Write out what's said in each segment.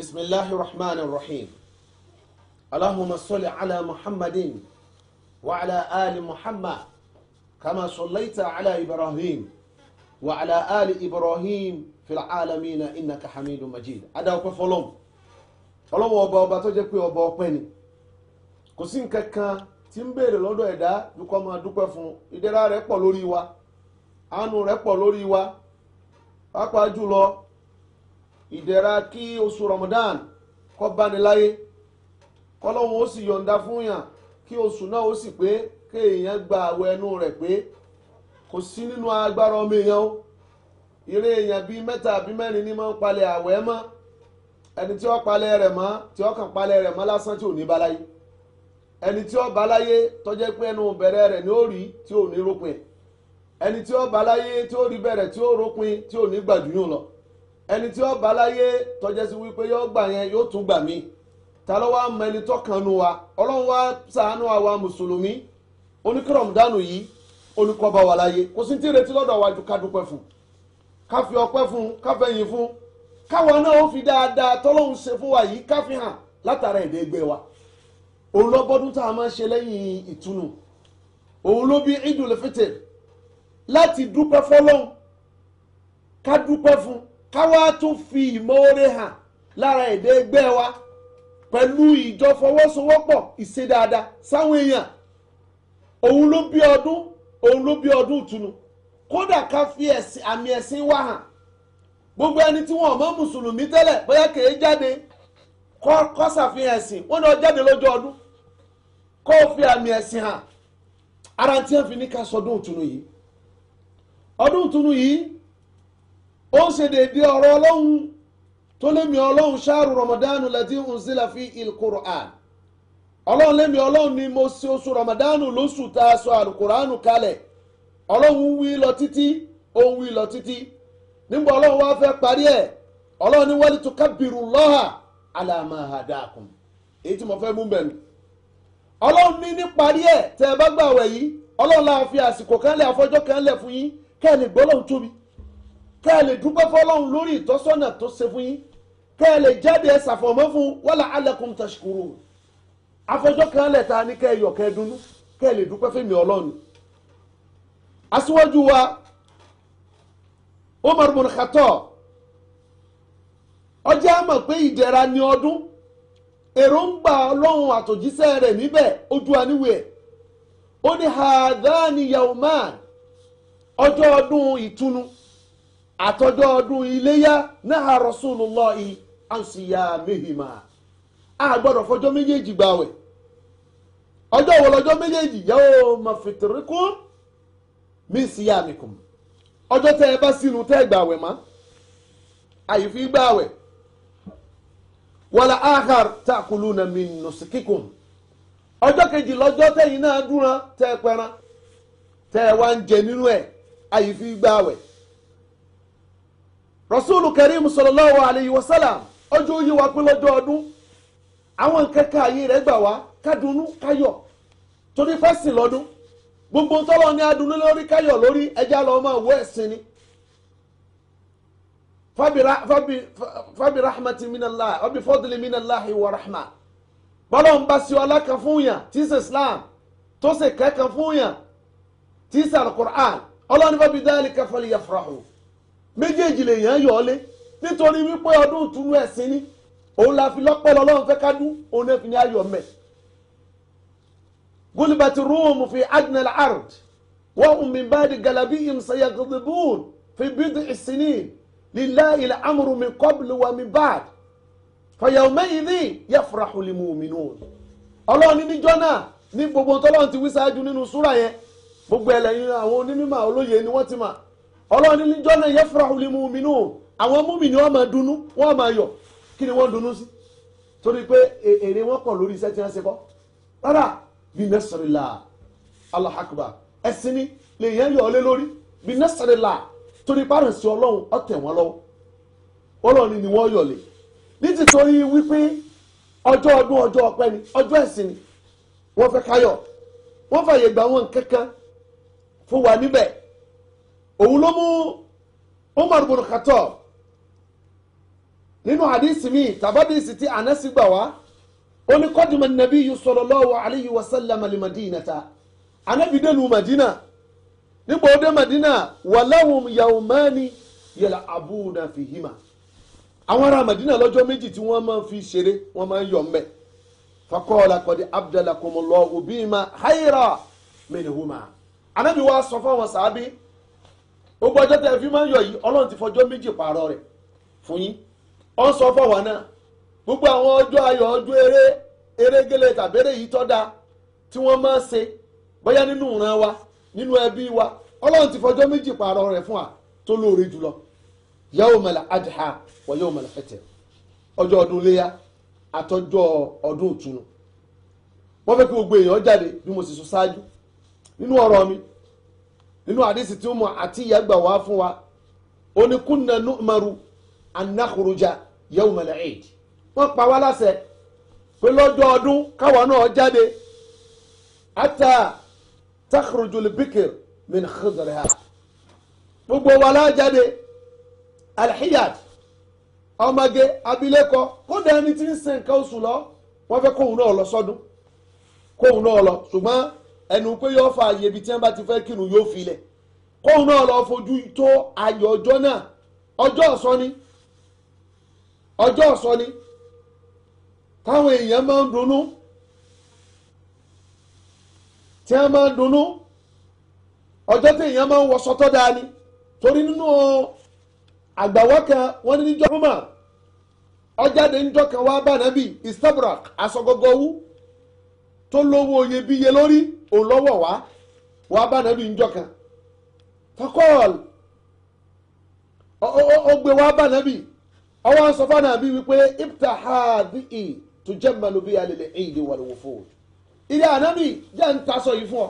بسم الله الرحمن الرحيم اللهم صل على محمد وعلى آل محمد كما صليت على إبراهيم وعلى آل إبراهيم في العالمين إنك حميد مجيد ada ọpẹ́ fọ́lọ́run Ọlọ́run ọba ọba tó jẹ́ pé ọba ọpẹ́ ni kò sí nǹkan kan tí ń béèrè lọ́dọ̀ ẹ̀dá dúkọ máa dúpẹ́ fún ìdẹ̀ra rẹ̀ pọ̀ lórí wa àánú rẹ̀ pọ̀ lórí wa pàápàá jùlọ ìdẹ̀ra kí oṣù Ramadan kó báni láyé kọ́lọ́hún ó sì yọ̀ǹda fún yàn kí oṣù náà ó sì pé gba àwẹ̀ ẹnu rẹ̀ pé kò sí nínú agbára ọmọ èèyàn o eré èèyàn bíi mẹ́ta àbí mẹ́rin ní máa ń palẹ̀ àwẹ̀ mọ́ ẹni tí ó palẹ̀ rẹ̀ mọ́ tí ó kàn palẹ̀ rẹ̀ mọ́ balaye ẹni tí ó balaye tọ́jẹ́ pé ẹnu bẹ̀rẹ̀ rẹ̀ ni balaye tí ó rí bẹ̀rẹ̀ tí ó rópin tí ò lọ ẹni tí ó bá láyé tọ́jẹ́ sí wípé yóò gbà yẹn yóò tún gbà mí ta ló wá mọ ẹni tọ́kànnú wa ọlọ́run wá ṣàánú àwa mùsùlùmí oníkírọ̀mù dànù yìí olùkọ́ bá wà láyé kò sí ti retí lọ́dọ̀ wa ju ká dúpẹ́ fún ká fi ọpẹ́ fún ká fẹ̀yìn fún káwa náà ó fi dáadáa tọ́lọ́hún ṣe fún wa yìí ká fi hàn látara ẹ̀dẹ́ ẹgbẹ́ wa òun lọ́gbọ́dún tá a máa ṣe lẹ́yìn ìtúnu òun ló bí Idul Fitr láti dúpẹ́ fọlọ́hún ká dúpẹ́ fún káwá tún fi ìmọ̀ọ́rẹ́ hàn lára èdè ẹgbẹ́ wa pẹ̀lú ìjọfọwọ́sowọ́pọ̀ ìṣedáadáa sáwọn èèyàn òun ló bí ọdún òun ló bí ọdún ìtùnú kódà ká fi àmì ẹ̀sìn wa hàn gbogbo ẹni tí wọn ò mọ mùsùlùmí tẹ́lẹ̀ bóyá kèé jáde kọ́ ṣàfihàn ẹ̀sìn wọn náà jáde lọ́jọ́ ọdún kó o fi àmì ẹ̀sìn hàn ara tí wọn fi ní ká sọdún yìí ó ń ṣe déédéé ọ̀rọ̀ ọlọ́run tó lémi ọlọ́run ṣáàrù rọmọdánù láti unzila fi il-Qur'an lémi ọlọ́run ni mo ṣe oṣù rọmọdánù lóṣù tá a sọ àlùkùránù kalẹ̀ ọlọ́run wí lọ títí ó wí lọ títí nígbà wá fẹ́ parí ẹ̀ ala ma èyí tí mo fẹ́ mú bẹ̀rù ní ẹ̀ tẹ́ ẹ bá yìí fi àsìkò kan lẹ̀ kan kẹ́ ẹ lè dúpẹ́ fọlọ́run lórí ìtọ́sọ́nà tó ṣe fún yín kẹ́ ẹ lè jáde ẹ ṣàfọ̀mọ́ fún wọ́lá alẹ́kùn tàṣkùrù afọjọ́ kan lẹ̀ ta ni kẹ́ ẹ yọ̀ kẹ́ ẹ dùnnú kẹ́ ẹ lè dúpẹ́ fún mi ọlọ́run. aṣíwájú wa Umar bin ọjọ́ àmọ̀ pé ìdẹ̀ra ni ọdún èròǹgbà ọlọ́run àtòjíṣẹ́ rẹ̀ níbẹ̀ ojú àníwèé ó ní hadhani yauman ọjọ́ ọdún ìtúnu àtọjọ́ ọdún iléyá náà Rasulullahi àǹsíyá mihima a gbọ́dọ̀ fọjọ́ méjèèjì gbààwẹ̀ ọjọ́ wo lọ́jọ́ méjèèjì yawma fitrikum min siyamikum ọjọ́ tẹ́ ẹ bá sínú tẹ́ ẹ gbààwẹ̀ mọ́ àyìnfi gbààwẹ̀ wala akhar ta'kuluna min nusukikum ọjọ́ kejì lọ́jọ́ tẹ́yìn náà dúnra tẹ́ ẹ tẹ́ ẹ wá ń jẹ nínú ẹ̀ rasulu karim sallallahu alayhi wa sallam ọjọ́ oyé wa pé lọ́jọ́ ọdún àwọn nǹkan ká ayé rẹ̀ gbà wá kádùnú káyọ̀ torí fẹ́sìn lọ́dún gbogbo tọ́lọ́ ní adùnú lórí káyọ̀ lórí ẹja lọ́ máa wọ ẹ̀sìn ni fabi rahmati minallah wabi fọdùlì minallah wa rahma bọ́lá ń bá sí ọlá kan fún yàn tí sè islam tó sì kẹ́ fún yàn tí sè alukur'an ọlọ́ni fabi dhalika falyafrahu méjèèjì lèèyàn yọ ọ lé nítorí wípé ọdún ìtúnú ẹ̀sìn ni òun la fi lọ́pẹ́ lọ́lọ́run fẹ́ ká dún òun náà fi ní ayọ̀ mẹ́. gulibati ruum fi adnal ard wọ́n hùn mí báyìí galabi imsaya gidibun fi bidi isinin lillahi ilẹ̀ amuru mi kọ́bìlì wa mi báyìí fàyàwùmẹ́ ìdí yafrahu lil mu'minun. ọlọ́run níjọ́ náà ní gbogbo tọ́lọ́run ti wí sáájú nínú súrà yẹn gbogbo ẹlẹ́yin àwọn onímọ̀ olóye ni wọ́n ti mọ̀ ọlọ́run níjọ́ náà yafrahu lil mu'minun àwọn mùmínì wọ́n máa dunnú wọ́n máa yọ̀ kí ni wọ́n dunnú sí torí pé e-, èrè wọn kọ̀ lórí iṣẹ́ tí wọ́n ṣe kọ́ rárá bí nasarila Allahu akbar ẹ̀sìn ni lèyìn yọ̀ ọ́ lé lórí bí nasarila torí pàrọ̀ sí ọlọ́run ọ̀tẹ̀ wọn lọ́wọ́ ọlọ́run ni wọ́n yọ̀ lé nítorí wípé ọjọ́ ọdún ọjọ́ ọpẹ́ ni ọjọ́ ẹ̀sìn ni wọ́n fẹ́ káyọ̀ wọ́n fàyè gbà wọn kankan fún wa níbẹ̀ òun ló mú Umar bin Khattab nínú hadisi mi tabadisi tí Anasi gbà wá ó ní kọ́dìmọ̀ nàbí sallallahu alayhi wa sallam al-Madinata anabi dẹnu Madina nígbà ó dé Madina walahum yawmani yal'abuna fihima àwọn ará Madina lọ́jọ́ méjì tí wọ́n máa fi ṣeré wọ́n máa ń yọ̀ mbẹ́ fakọ́ọ̀lá kọ́dí abdalakumullahu bima hayra minhuma anabi wa sọ fún àwọn sàábí gbogbo ọjọ́ tẹ fi máa ń yọ yìí ọlọ́run ti fọjọ́ méjì pààrọ̀ rẹ̀ fún yín ọ ń sọ fọwọ́ náà gbogbo àwọn ọjọ́ ayọ̀ ọdún eré erégele tàbẹ́rẹ́ yìí tọ́ da tí wọ́n máa ń ṣe bóyá nínú ìran wa nínú ẹbí wa ọlọ́run ti fọjọ́ méjì pààrọ̀ rẹ̀ fún wa tó lóore jùlọ yawmal adha wa yawmal fitr ọjọ́ ọdún léyà àtọjọ́ ọdún ìtùnú wọ́n fẹ́ kí gbogbo èèyàn jáde bí mo sì sọ ṣáájú nínú ọ̀rọ̀ mi nínú àdìsí tí Ummu Atiyya gbà wá fún wa ó ní kunna nu'maru an nakhruja yawmal eid wọ́n pa wá láṣẹ pé lọ́jọ́ ọdún káwa náà jáde ata takhrujul bikir min khidriha gbogbo wa la jáde alhiyad ọmọge abilékọ kódà ẹni tí ń ṣe oṣù lọ wọ́n fẹ́ kóhun náà lọ sọ́dún kóhun náà lọ ṣùgbọ́n ẹnu pé yóò fa àyè ibi tí wọ́n bá ti fẹ́ kírun yóò filẹ̀ kóun náà lọ fojú tó ayọ̀ ọjọ́ náà ọjọ́ ni ọjọ ọsọ ni táwọn èèyàn máa ń dunnú tí wọ́n máa ń dunnú ọjọ́ tí èèyàn máa ń wọṣọ tó ni torí nínú àgbàwọ́ kan wọ́n ní níjọ́ rúmà ọjáde níjọ́ kan wá bá nàbì istabrak asọgọgọ wú tó lówó olówó wá wa, bá nàbí njọ ka, fakọ́ọ̀lù ó gbé wàá bá nàbí ọwọ́ sọ fún nàbí i to jẹ́ mẹ́lúbí alẹ́lẹ́ ìdí wà lówó fún o ilé ànábì jẹ́ sọ yìí fún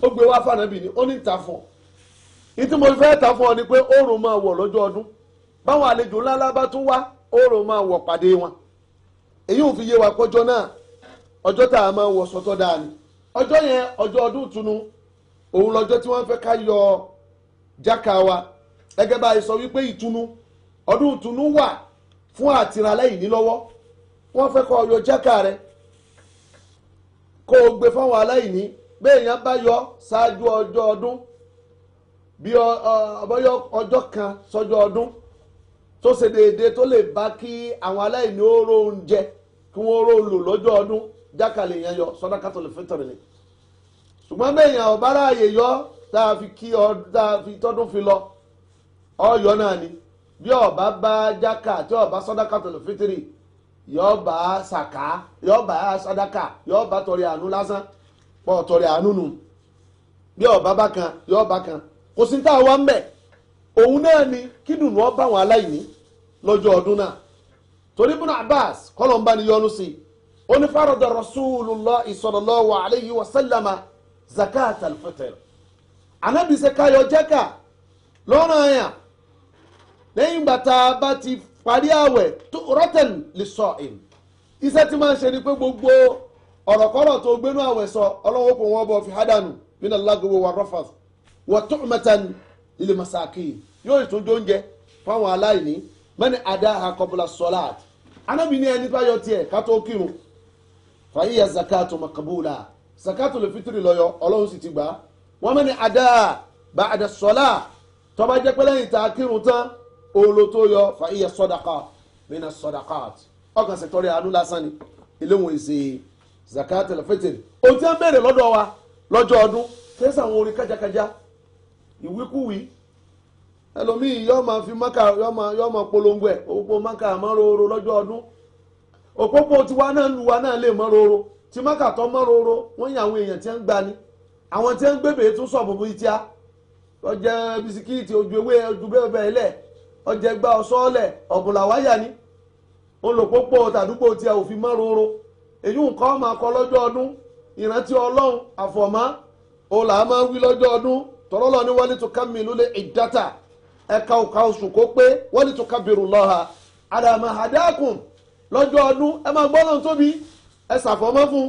ọ ni ó ní fún ọ ìtí mo fẹ́ ta fún ọ ni pé oorun máa wọ̀ lọ́jọ́ ọdún báwọn àlejò fi yé wa náà ọjọ́ tá a máa wọ̀ ọjọ́ yẹn ọjọ́ ọdún ìtùnú òun lọ́jọ́ tí wọ́n fẹ́ ká yọ jáka wa gẹ́gẹ́ bá a sọ wípé ọdún ìtùnú wà fún àtìrànlẹ́ yìí lọ́wọ́ wọ́n fẹ́ yọ jáka rẹ kó o gbé fáwọn aláìní bẹ́ẹ̀ yọ ṣáájú ọjọ́ ọdún bí ọbọ̀yọ ọjọ́ kan ọdún tó ṣe déédéé tó lè bá kí àwọn aláìní ó rò oúnjẹ kí wọ́n rò lò lọ́jọ́ jákàlẹ̀ yẹn yọ sọ́dákàtọ̀ lè fẹ́tọ̀rì ni ṣùgbọ́n bẹ́ẹ̀yàn ọ̀bá ráàyè yọ tá a fi kí ọ tá a fi tọ́dún fi lọ ọyọ náà ni bí ọba bá jákà tí ọba sọ́dákàtọ̀ lè fẹ́tọ̀rì yọ bá sàká yọ bá sọ́dákà yọ bá tọrẹ àánú lásán pọ̀ tọrẹ àánú nù bí ọba bá kan yọ bá kan kò sí tá a wá ń bẹ̀ òun náà ni kí dùnú ọ bá àwọn aláìní lọ́jọ́ ọdún náà torí Ibn Abbas kọ́lọ̀ ni yọnu sí i ó ní farada rasulullah sallallahu alayhi wa sallama zakat al-fitr anabi ṣe ká yọ jákà lọ́rọ̀ àyàn lẹ́yìn bàtà bá ti parí àwẹ̀ rọ́tẹ̀n lè sọ ìn iṣẹ́ tí máa ń ṣe ni pé gbogbo ọ̀rọ̀kọ́rọ̀ tó gbénú àwẹ̀ sọ ọlọ́wọ́ kò wọ́n bọ̀ fi hádànù nínú alágbèwò wa rọ́fàs wọ́n tó mẹ́tàn ilé masaki yóò tún jó fáwọn aláìní mẹ́ni adá akọ́bùlà sọ́láàt anábìíní ẹni bá yọ tiẹ̀ ká tó kírun fàyíyà zakato makabula zakato lè fitiri lọ́yọ̀ ọlọ́run sì ti gbà á wọ́n mẹ́ni adá bá adá sọ́lá tọ́ba jẹ́ pẹ́lẹ́ yìí tá a kírun tán òòlò tó yọ fàyíyà sọ́dàkà mẹ́nà sọ́dàkà ọkàn sẹ̀tọ́rì àánú lásán ni ilé wọn èsè zakato lè fitiri ohun tí wọ́n béèrè lọ́dọ̀ wa lọ́jọ́ ọdún kẹ́sà àwọn orin kájàkájà ìwíkúwìí ẹlòmíì yọ́ọ́ máa fi máka yọ́ọ́ máa polongo ẹ̀ òpó máka àmọ́ roro lọ́jọ́ ọdún òpópó tiwa náà lu wa náà lè mọ́ roro tí mọ́kàtọ́ mọ́ roro wọ́n yàn àwọn èèyàn tí ń gbani àwọn tí ń gbébè tún bisikíìtì ojú ewé ojú bẹ́ẹ̀ lẹ̀ gba ọ̀sọ́ọ̀lẹ̀ ọ̀bùnlà wáyà ni olùpópó tàdúgbò tiẹ̀ òfin mọ́ roro èyí akọ lọ́jọ́ ọdún ìrántí ọlọ́run àfọ̀mọ́ olà máa ń wí lọ́jọ́ ọdún ni tó lólè ẹ̀ka òkà oṣù kó pé tó lọ́jọ́ ọdún ẹ máa gbọ́ lọ́n tóbi ẹ ṣàfọ̀mọ́ fún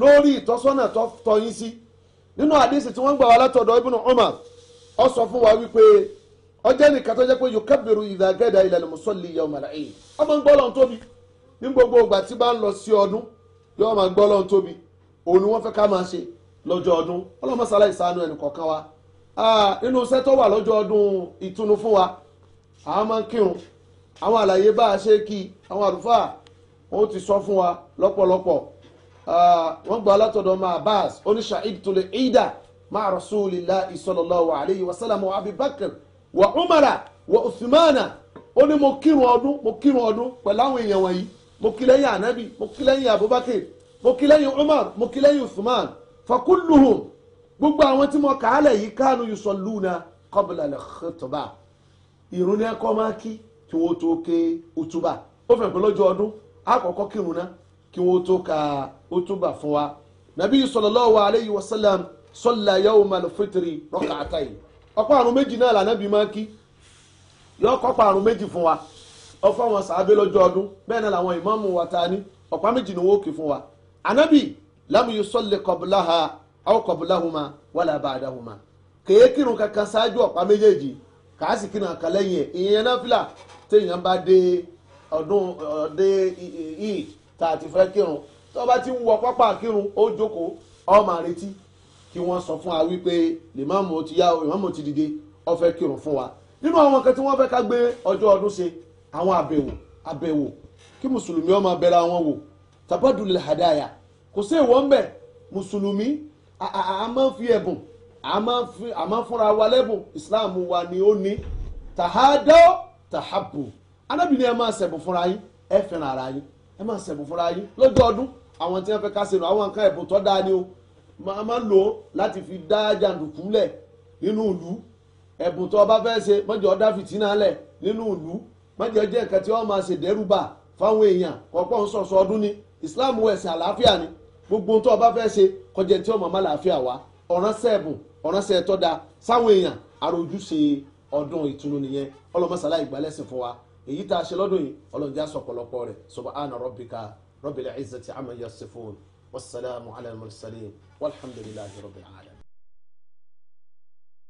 lórí ìtọ́sọ́nà tọ́ yín sí nínú àdísì tí wọ́n gbà wá látọ̀dọ̀ Ibn Umar ó sọ fún wa wípé ọjọ́ nìkan tó jẹ́ pé yukabbiru idha gada ila al-musalli yawm al-eid ó máa ń gbọ́ lọ́n tóbi ní gbogbo ìgbà tí bá ń lọ sí ọdún yóò máa gbọ́ lọ́n tóbi òun ni wọ́n fẹ́ ká máa ṣe lọ́jọ́ ọdún ọlọ́mọsálá ìsànú ẹnì kọ̀ọ̀kan wa nínú iṣẹ́ tó wà lọ́jọ́ ọdún ìtùnú fún wa àwọn máa ń kírun àwọn àlàyé bá a ṣe kí àwọn àlùfáà wọ́n ti sọ fún wa lọ́pọ̀lọpọ̀ wọ́n gba látọ̀dọ̀ ọmọ abbas oníṣà ìdìtòlè ìdà máa rasulillahi sallallahu alayhi wa sallam wa abibakar wa umara wa uthmana ó ní mo kírun ọdún mo kírun ọdún pẹ̀lú àwọn èèyàn wọ̀nyí mo kí lẹ́yìn anabi mo kí lẹ́yìn abubakar mo kí lẹ́yìn umar mo kí lẹ́yìn uthman fakulluhum gbogbo àwọn tí mo kàálẹ̀ yìí kánú yusalluna qabla al-khutbah ìrún ni ẹ kọ́ máa kí kí wọ́n tó ké utuba ó fẹ́ pẹ́ ọdún àkọ́kọ́ kírun náà kí wọ́n tó ka útúbà fún wa nàbí sallallahu alayhi wa sallam salla yawmal fitri rak'atayn ọ̀pọ̀ àrùn méjì náà lànàbí máa kí yọ kọ́pọ̀ àrùn méjì fún wa ọ̀fọ̀ àwọn sàábé lọ́jọ́ ọdún bẹ́ẹ̀ náà làwọn ìmáàmù wa ta ni ọ̀pá méjì ni wọ́n kì fún wa ànábì lam yusalli qablaha aw qablahuma wala ba'dahuma kèé kírun kankan ṣáájú ọ̀pá méjèèjì kàá sì kírun ẹ̀ ìyẹn náà fìlà téèyàn bá dé ọdún ọdẹ yìí tá a ti fẹ́ kírun tó bá ti ń wọ pápá kírun ó jókòó ó máa retí kí wọ́n sọ fún wa wípé lèmọ́mù ti yá lèmọ́mù ti dìde ó fẹ́ kírun fún wa nínú àwọn nǹkan tí wọ́n fẹ́ ká gbé ọjọ́ ọdún ṣe àwọn àbẹ̀wò àbẹ̀wò kí mùsùlùmí ó máa àwọn wò tabadul hadaya kò sí èèwọ̀ ń bẹ̀ mùsùlùmí a máa ń fi ẹ̀bùn a máa ń fúnra wa lẹ́bùn islam wa ni ó ní tahadọ́ tahabu anábì ni ẹ máa ṣẹ̀bùn fúnra yín ẹ fẹ́ràn ara yín ẹ máa ṣẹ̀bùn fúnra yín lọ́jọ́ ọdún àwọn tí wọ́n fẹ́ ká ṣẹ̀nù àwọn nǹkan ẹ̀bùn tó dáa ni o máa máa ń lò ó láti fi dá jàǹdùkú lẹ̀ nínú ìlú ẹ̀bùn tó bá fẹ́ ṣe má jẹ́ ó dá fìtínà lẹ̀ nínú ìlú má jẹ́ nǹkan tí wọ́n máa ṣe dẹ́rùbà fáwọn èèyàn kọ̀ọ̀pọ̀ ń sọ̀sọ̀ ọdún ni Islam wẹ̀ sí àlàáfíà ni gbogbo tó bá fẹ́ ṣe kọjá tí ọmọ máa làáfíà wá ọ̀ránṣẹ́ ẹ̀bùn ọ̀ránṣẹ́ ẹ̀tọ́ da sáwọn èèyàn àròjúṣe ọdún ìtùnú nìyẹn ọlọ́mọṣàlá èyí tá a ṣe lọ́dún yìí ọlọ́run já sọ̀pọ̀lọpọ̀ rẹ̀ subhana rabbika rabbil izzati amma yasifun wasalaamu ala al-mursalin walhamdulillahi rabbil alamin.